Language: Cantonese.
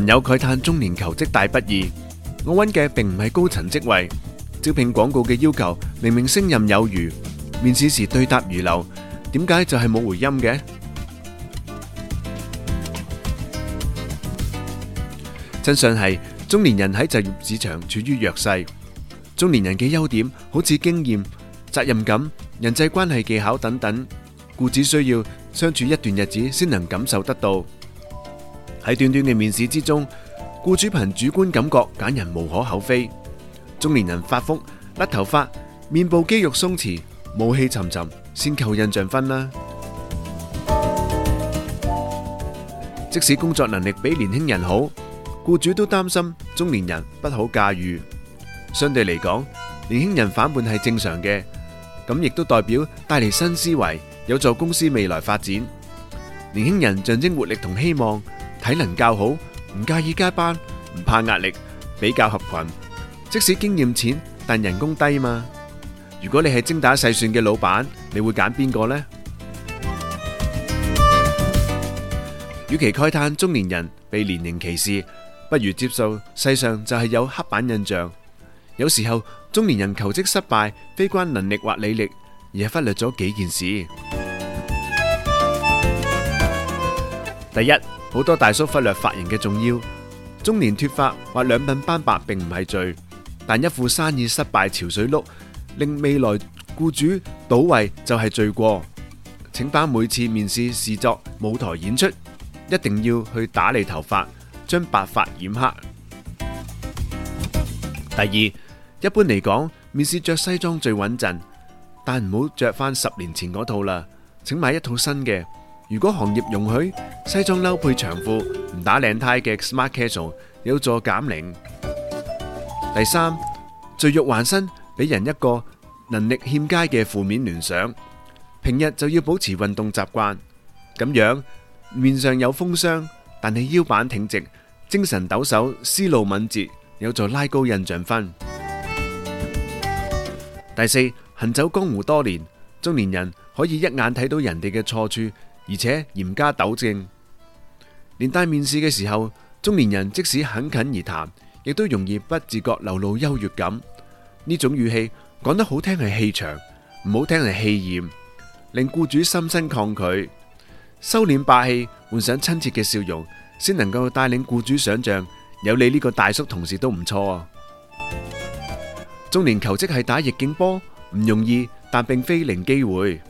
朋友慨嘆中年求職大不易，我揾嘅並唔係高層職位。招聘廣告嘅要求明明勝任有餘，面試時對答如流，點解就係冇回音嘅？真相係中年人喺就業市場處於弱勢。中年人嘅優點好似經驗、責任感、人際關係技巧等等，僱主需要相處一段日子先能感受得到。喺短短嘅面試之中，僱主憑主觀感覺揀人無可厚非。中年人發福、甩頭髮、面部肌肉鬆弛、暮氣沉沉，先扣印象分啦。即使工作能力比年輕人好，僱主都擔心中年人不好駕馭。相對嚟講，年輕人反叛係正常嘅，咁亦都代表帶嚟新思維，有助公司未來發展。年輕人象徵活力同希望。體能較好，唔介意加班，唔怕壓力，比較合群。即使經驗淺，但人工低嘛。如果你係精打細算嘅老闆，你會揀邊個呢？與其慨嘆中年人被年齡歧視，不如接受世上就係有刻板印象。有時候，中年人求職失敗，非關能力或履歷，而係忽略咗幾件事。第一。好多大叔忽略髮型嘅重要，中年脫髮或兩鬢斑白並唔係罪，但一副生意失敗憔悴 Look，令未來僱主倒胃就係罪過。請把每次面試視作舞台演出，一定要去打理頭髮，將白髮染黑。第二，一般嚟講，面試着西裝最穩陣，但唔好着翻十年前嗰套啦，請買一套新嘅。如果行業容許，西裝褸配長褲唔打領呔嘅 Smart Casual 有助減齡。第三，贅肉還身，俾人一個能力欠佳嘅負面聯想。平日就要保持運動習慣，咁樣面上有風霜，但係腰板挺直，精神抖擻，思路敏捷，有助拉高印象分。第四，行走江湖多年，中年人可以一眼睇到人哋嘅錯處。而且嚴加糾正，連帶面試嘅時候，中年人即使侃侃而談，亦都容易不自覺流露優越感。呢種語氣講得好聽係氣場，唔好聽係氣焰，令僱主心生抗拒。收斂霸氣，換上親切嘅笑容，先能夠帶領僱主想象有你呢個大叔同事都唔錯啊。中年求職係打逆境波，唔容易，但並非零機會。